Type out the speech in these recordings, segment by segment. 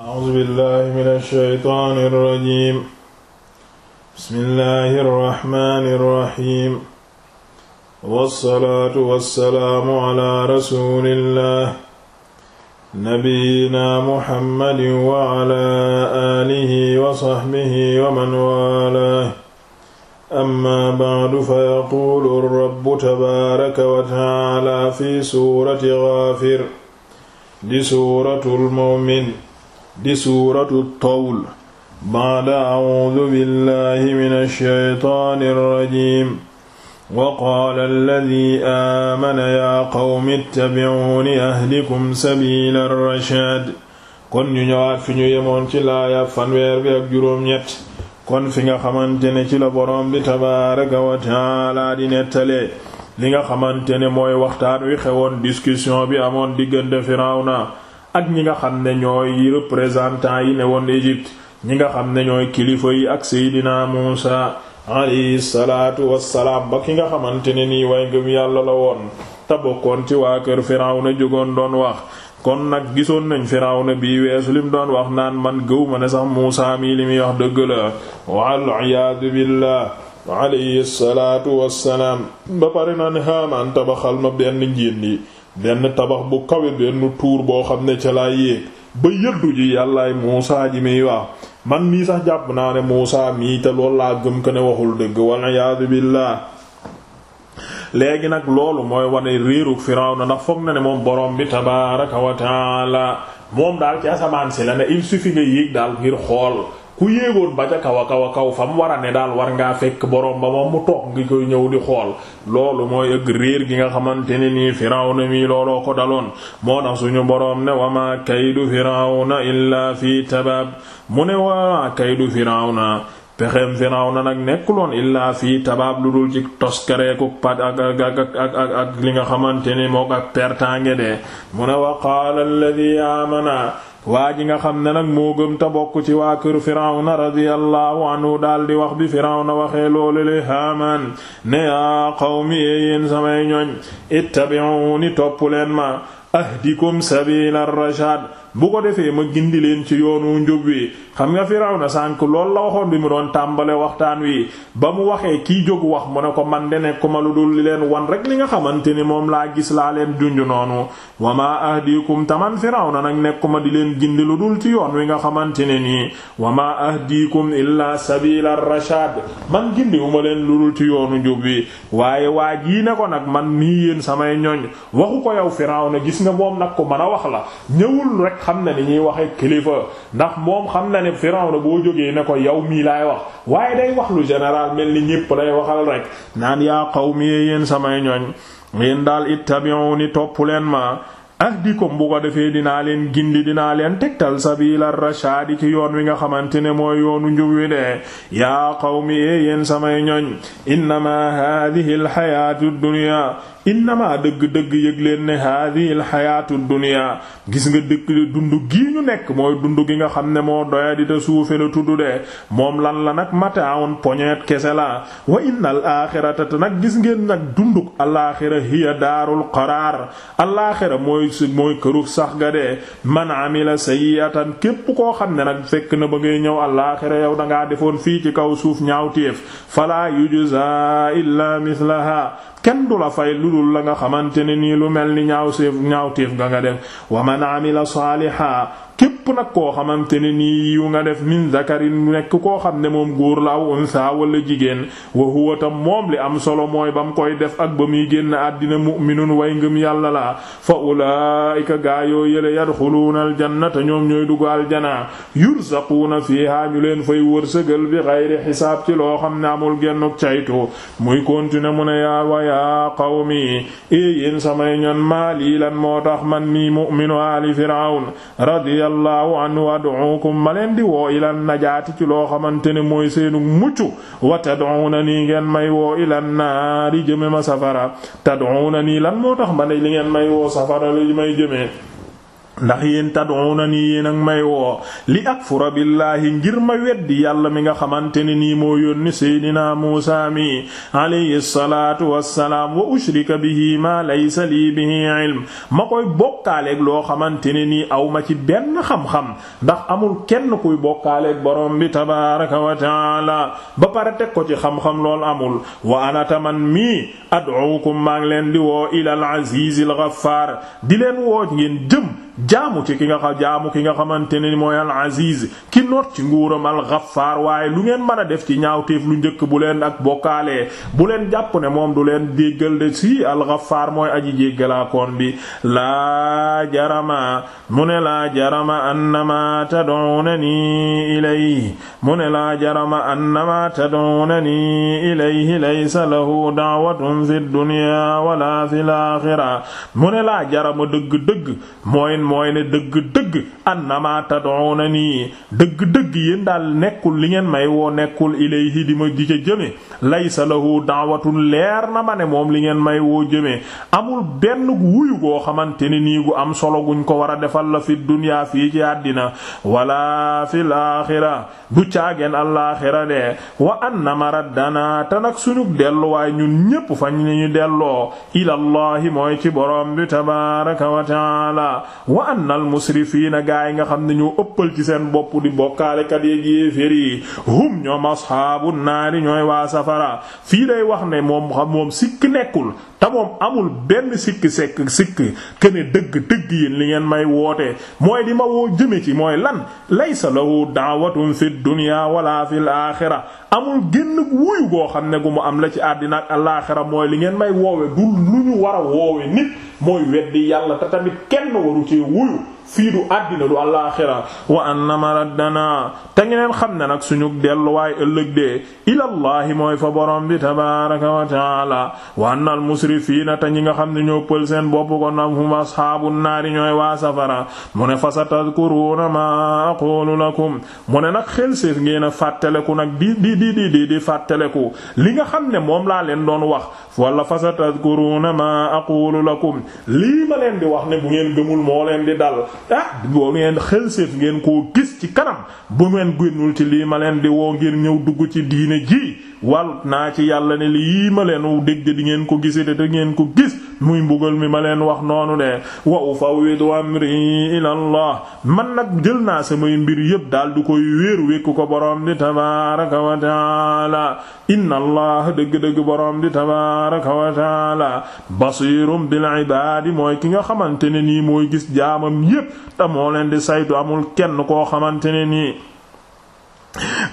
أعوذ بالله من الشيطان الرجيم بسم الله الرحمن الرحيم والصلاة والسلام على رسول الله نبينا محمد وعلى آله وصحبه ومن والاه أما بعد فيقول الرب تبارك وتعالى في سورة غافر دي سورة المؤمن di suuratu tawl ba'da a'uudu billahi minash shaytaanir rajiim wa yaa qawmi ittabi'uuni ahdikum sabiilar rashaad kon ñu ñëwaat fi ñu yemoon ci laaya fanweer bi ak juróom-ñett kon fi nga xamante ne ci la boroom bi tabaaraka wa ta'aala di nettalee li nga xamante ne mooy waxtaan wi xewoon discussion bi amoon diggante Firawna ak ñi nga xam ne ñooy représentant yi ne woon Égypte ñi nga xam ne ñooy kilifa yi ak Seydina Muusa alayhi salaatu wassalaam ba ki nga xamante ne nii way ngëm yàlla la woon te ci waa kër Firawna jógoon doon wax kon nag gisoon nañ Firawna bii weesu mu doon wax naan man gëw ma ne sax Muusa mii li muy wax dëgg la waliyaadu billah alayhi salaatu wassalaam ba pare naan Haamaan tabaxal ma benn njiit yi benn tabax bu kawe benn tuur boo xam ne ca laa yéeg ba yëddu ji yàllaay Muusaa ji muy wax man mii sax jàpp naa ne Muusaa mii te lool laa gëm ko ne waxul dëgg walla iyaadu billaah léegi nag loolu mooy wane réerug Firawna ndax foog na ne moom borom bi tabaaraka wa moom daal ci asamaan si la ne il suffit nga yéeg daal ngir xool ku yéegoon ba ca kaw a kaw fa mu war ne daal war ngaa fekk borom ba moom mu toog ngi koy ñëw di xool loolu mooy ëgg réer gi nga xamante ne nii firawna mi looloo ko daloon moo tax suñu boroom ne wama kaydu firawna illaa fii tabaab mu ne wama kaydu firawna pexeem firawna nag nekkuloon illaa fii tabaab lu dul ci toskareeku pat ak ak ak ak ak li nga xamante ni mook ak pertange de mu ne wa qaala amana waa ji nga xam ne nag moo gëm ta bokk ci waa kër firawna radiyallahu anhu daal di wax bi firawna waxee loolu le haamaan ne yaa qawmi yéen samay ñoñ ittabi'uni topp ma ahdikum sabila rashad bu ko defee ma gindi leen ci yoonu njub wi xam nga Firawna sànk loolu la waxoon bi mu doon tàmbale waxtaan wi ba mu waxee kii jóg wax mu ne ko man de nekkuma lu dul li leen wan rek li nga xamante ni moom laa gis laa leen junj noonu wa maa ahdiikum taman Firawna nag nekkuma di leen gindi lu dul ci yoon wi nga xamante ne nii wa maa ahdiikum illaa sabila rashad man gindiwuma leen lu dul ci yoonu njub wi waaye waa jii ne ko nag man nii yéen samay ñoñ waxu ko yow Firawna gis nga moom nag ko mën a wax la ñëwul rek xam na ni ñuy waxee kilifa ndax moom xam na ne Firawna boo jógee ne ko yow mii laay wax waaye day wax lu général mel ni ñépp lay waxal rek naan yaa xaw qawmi yéen samay ñoñ yéen daal ittabi'uni topp leen ma ahdikum bu ko defee dinaa leen gindi dinaa leen tegtal sabila rashaadi ci yoon wi nga xamante ne mooy yoonu njub wi de yaa qawmi ee yéen samay ñoñ innamaa haadihi alxayaatu dunya innamaa dëgg-dëgg yëg leen ne haadihi alxayaatu dunya gis nga dëkk dund gii ñu nekk mooy dund gi nga xam ne moo doya di suufe la tudd de moom lan la nag mataaun poñeet kese la wa innal aaxirata te nag gis ngeen nag dunduk alaaxira hiya daarul qaraar alaaxira mooy mooy si mooy këru sax ga dee man amila sayyatan képp koo xam ne nag fekk na ba ngay ñëw àllaaxira yow dangaa defoon fii ci kaw suuf ñaawteef fala yujza illa mislaha kenn du la fay lu dul la nga xamante ne nii lu mel ni ñaaw seef ñaawteef ga nga def wa man amila saaliha képp nag koo xamante ne nii yu nga def min zakarin nekk koo xam ne moom góor la aw unsa wala jigéen wa huwa tam moom li am solo mooy ba mu koy def ak ba muy génn àddina mu'minun way ngëm yàlla la fa ulaa'ika gaayoo yële yadxuluuna aljannata ñoom ñooy dugg aljana yursaquuna fiihaa ñu leen fay wërsëgal bi xayri xisaab ci loo xam ne amul gennuk caytu muy continuer mu ne yaa wa yaa qawmi e yéen samay ñoon maali lan moo tax man nii mu'minu aali fir'awn radiya radiyallahu anhu ad'ukum ma leen di woo ilan najaati ci loo xamante ne mooy seenu mucc wa tad'una nii ngeen may woo ilan naari jëme ma safara tad'una nii lan moo tax ma ne li ngeen may woo safara li may jëmee ndax yéen tad'una nii yéen ak may woo li akfura billaahi ngir ma weddi yàlla mi nga xamante ne nii moo yónni seydinaa muusa mi alayhi salaatu wassalaam wa ushrika bihi ma laysa lii bihi ma koy bokkaaleeg loo xamante ni nii aw ma ci benn xam-xam ndax amul kenn kuy bokkaaleeg borom bi tabaaraka wa taala ba pare teg ko ci xam-xam lool amul wa anataman mi ad'ukum maa ngi leen di woo ilal aziizil ghaffaar di leen woo ngeen jëm jaamu ci ki nga xa jaamu ki nga xamante ne mooy al aziz ki noot ci nguuram al ghaffaar waaye lu ngeen mën a def ci ñaawteef lu njëkk bu leen ak bokkaalee bu leen jàpp ne moom du leen jéggal de si al ghaffaar mooy aji jéggalaakoon bi laa jarama mu ne laa jarama annama tad'unani ilayhi mu ne laa jarama annama tad'unani ilayhi laysa lahu da'watun fid dunya wala fil akhirah mu ne laa jarama dëgg dëgg mooy mooy ne dëgg-dëgg annama na nii dëgg-dëgg yéen daal nekkul li ngeen may woo nekkul ilayhi di ma di ca jëme laysa lahu da'watun leer na ma ne moom li ngeen may woo jëme amul benn wuyu goo xamante ne nii gu am solo guñ ko war a defal la fi dunya fii ci àddina wala fil axira du caageen alaaxira de wa annama raddana te nag suñu delluwaay ñun ñépp fañ ñu delloo ilallahi mooy ci borom bi tabaraka wa taala waa wa na al musrifiina gaa yi nga xam ne ñoo ëppal ci seen bopp di bokkaalekat yeeg yéeféer yi hum ñoom ashaabu naari ñooy waa safara fii day wax ne moom xam moom sikk nekkul te moom amul benn sikk sekk sikk kene dëgg dëgg yi li ngeen may woote mooy di ma woo jëme ci mooy lan laysa lahu da'watun fid dunya wala fil akhirah amul génn wuyu goo xam ne gu mu am la ci àddina ak alaaxira mooy li ngeen may woowe du lu ñu war a woowe nit mooy weddi yàlla te tamit kenn waru ci wuyu fii du àddina du alaaxira wa anna maraddana te ngeen xam ne nag suñu delluwaay ëllëg de ilallahi mooy fa borom bi tabaaraka wa taala wa anna almusrifiina te ñi nga xam ne ñoo pël seen bopp ko nam hum ashaabu naari ñooy waa safara mu ne fa satadkuruuna ma aqulu lakum mu ne nag xel séef ngeen a ku nag di di di di di fàttaleku li nga xam ne moom laa leen doon wax wala fa satadkuruuna ma aqulu lakum lii ma leen di wax ne bu ngeen gëmul moo leen di dal ah loolu ngeen xelséef ngeen koo gis ci kanam bu ngeen génnul ci lii ma leen di woo ngir ñëw dugg ci diine ji wal naa ci yàlla ne lii ma leen dégg di ngeen ko gisee te ngeen ko gis muy mbugal mi ma leen wax noonu de wa ufawwidu amri ila allah man nag jël naa samay mbir yépp daal du koy wéer wékk ko borom di tabaaraka wa taala inna allah dëgg-dëgg borom di tabaaraka wa taala basiirum bil ibaadi mooy ki nga xamante ne nii mooy gis jaamam yépp te moo leen di saytu amul kenn koo xamante ne nii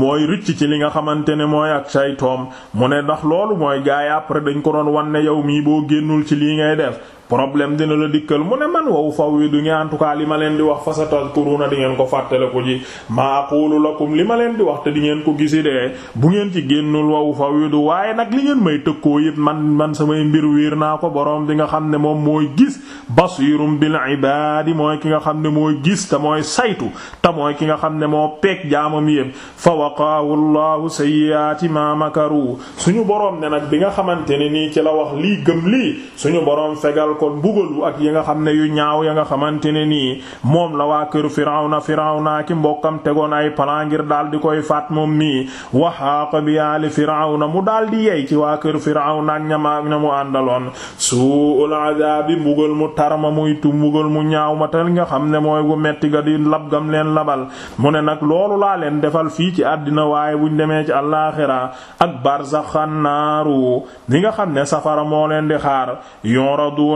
mooy rëcc ci li nga xamante ne mooy ak say toom mu ne ndax loolu mooy gaay après dañ ko doon wan ne yow mii boo génnul ci lii ngay def problème dina la dikkal mu ne man wow faw wi du ngeen en li ma leen di wax fa satazkuruna di ngeen ko fàttale ko ji ma aqulu lakum li ma leen di wax te di ngeen ko gisi dee bu ngeen ci génnul wow faw wi du waaye nag li ngeen may tëkkoo yëpp man man samay mbir wiir naa ko boroom di nga xam ne moom mooy gis basirum bil ibadi mooy ki nga xam ne moo gis te mooy saytu te mooy ki nga xam ne moo peeg jaamam yëpp fa waqaahu llahu sayyiati ma makaru suñu boroom ne nag bi nga xamante ne nii ci la wax lii gëm lii suñu boroom fegal waajal kon mbugalu ak yi nga xam ne yu ñaaw ya nga xamante ne nii moom la waa këru firawna firawna ki mbokkam tegoon ay plan ngir daal di koy faat moom mii waxaaqa bi aali firawna mu daal di yey ci waa këru firawna ak ñama ña mu àndaloon suul adabi mbugal mu tarma muy tu mbugal mu ñaaw ma tal nga xam ne mooy gu metti ga di lab gam leen labal mu ne nag loolu laa leen defal fii ci àddina waaye buñ demee ci àllaaxira ak barzaxan naaru li nga xam ne safara moo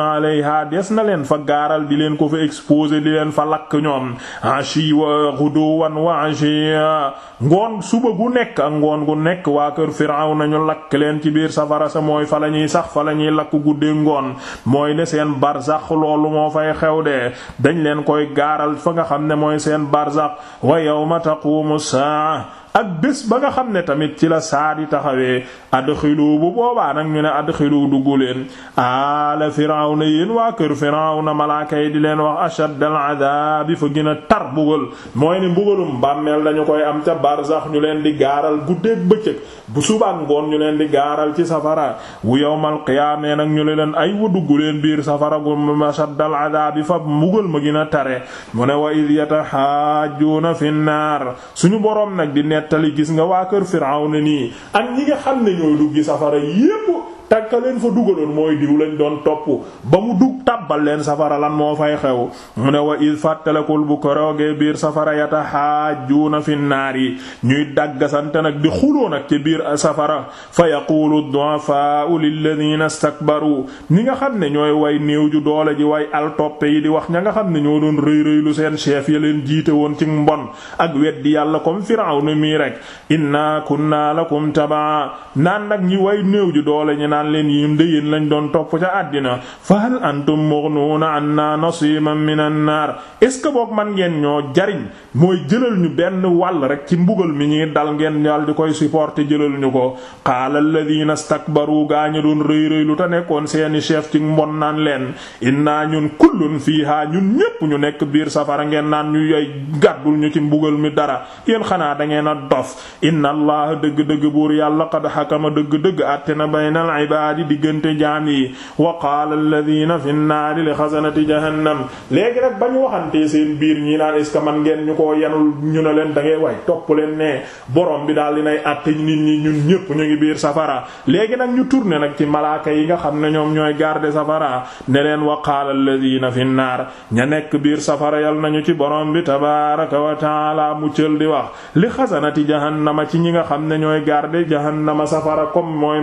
yu'raduna alayha des na leen fa gaaral di leen ko fa exposé di leen fa lakk ñoom ashi wa wan wa ashiya ngoon suba gu nekk ak ngoon gu nekk waa kër firaw nañu lakk leen ci biir safara sa mooy fa la ñuy sax fa la ñuy lakk guddee ngoon mooy ne seen barzax loolu moo fay xew de dañ leen koy gaaral fa nga xam ne mooy seen barzax wa yawma taqumu saa ak bés ba nga xam ne tamit ci la saa di taxawee adxilu bu boobaa nag ñu ne adxilu dugg leen ala firawna yéen waa kër firawna malaaka yi di leen wax ashad al fa gën a tar bugal mooy ni mbugalum bàmmeel dañu koy am ca barzax ñu leen di gaaral guddeeg bëccëg bu suba ngoon ñu leen di gaaral ci safara wu yawmal qiyaama nag ñu leen ay wa dugg leen biir safara gu ashad al adabi fa mbugal ma gën a tare mu ne wa id yatahaajuna fi nnaar nettali gis nga waa kër Firawna nii ak ñi nga xam ne ñooy duggi safara yépp takka leen fa dugaloon mooy diw lañ doon topp ba mu dug tàbbal leen safara lan moo fay xew mu ne wa id fàttalekul bu koroogee biir safara yata na fi naar yi ñuy daggasante nag di xuloo nag ci biir safara fa yaqulu du'afa'u lilladhina istakbaru ñi nga xam ne ñooy way néew ju doole ji way al yi di wax ña nga xam ne ñoo doon rëy rëylu seen chef ya leen jiite woon ci mbon ak weddi yàlla comme Firawna mii rek inna kunna lakum tabaa naan nag naan leen yim de yéen lañ doon topp ca àddina fa hal antum na anna nasiiban minan naar est ce que boog man ngeen ñoo jariñ mooy jëlal ñu benn wàll rek ci mbugal mi ñuy dal ngeen daal di koy supporter jëlal ñu ko qaala alladhiina istakbaru gaañu doon rëy rëy lu ta nekkoon seeni chef ci mbon naan leen inna ñun kullun fiihaa ñun ñépp ñu nekk biir safara ngeen naan ñu yoy gàddul ñu ci mbugal mi dara yéen xanaa da ngeen a dof inna allaha dëgg-dëgg buur yàlla qad ibaadi diggante jaam yi wa qaala alladina fi nnaari li xasanati jahannam léegi nag bañu waxantee seen biir ñii naan est ce que man ngeen ñu koo yanul ñu ne leen da ngay way topp leen ne borom bi daal dinay àtte nit ñi ñu ñépp ñu ngi biir safara léegi nag ñu tourné nag ci malaaka yi nga xam ne ñoom ñooy garder safara ne leen wa qaala alladina fi nnaar ña nekk biir safara yal nañu ci borom bi tabaraka wa mu muccël di wax li xasanati jahannama ci ñi nga xam ne ñooy garder jahannama safara comme mooy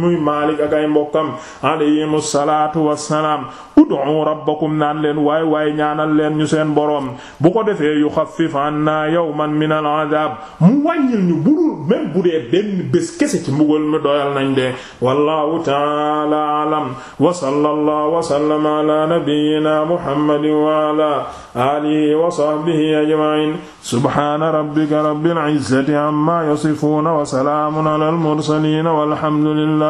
muy Maalik ak ay mbokkam alayhimu salaatu wassalaam ud'u rabbakum naan leen waay waay ñaanal leen ñu seen boroom bu ko defee yuxaffif anna yawman min al-'adab mu wàññil ñu budul même bu dee benn bés kese ci mbugal mi doyal nañ de wallahu ta'ala a'lam wa sallallahu wa sallama ala nabiyyina muhammadin wa ala alihi wa sahbihi ajma'in subhana rabbika rabbil izzati amma yasifun wa salamun ala al-mursalin walhamdulillah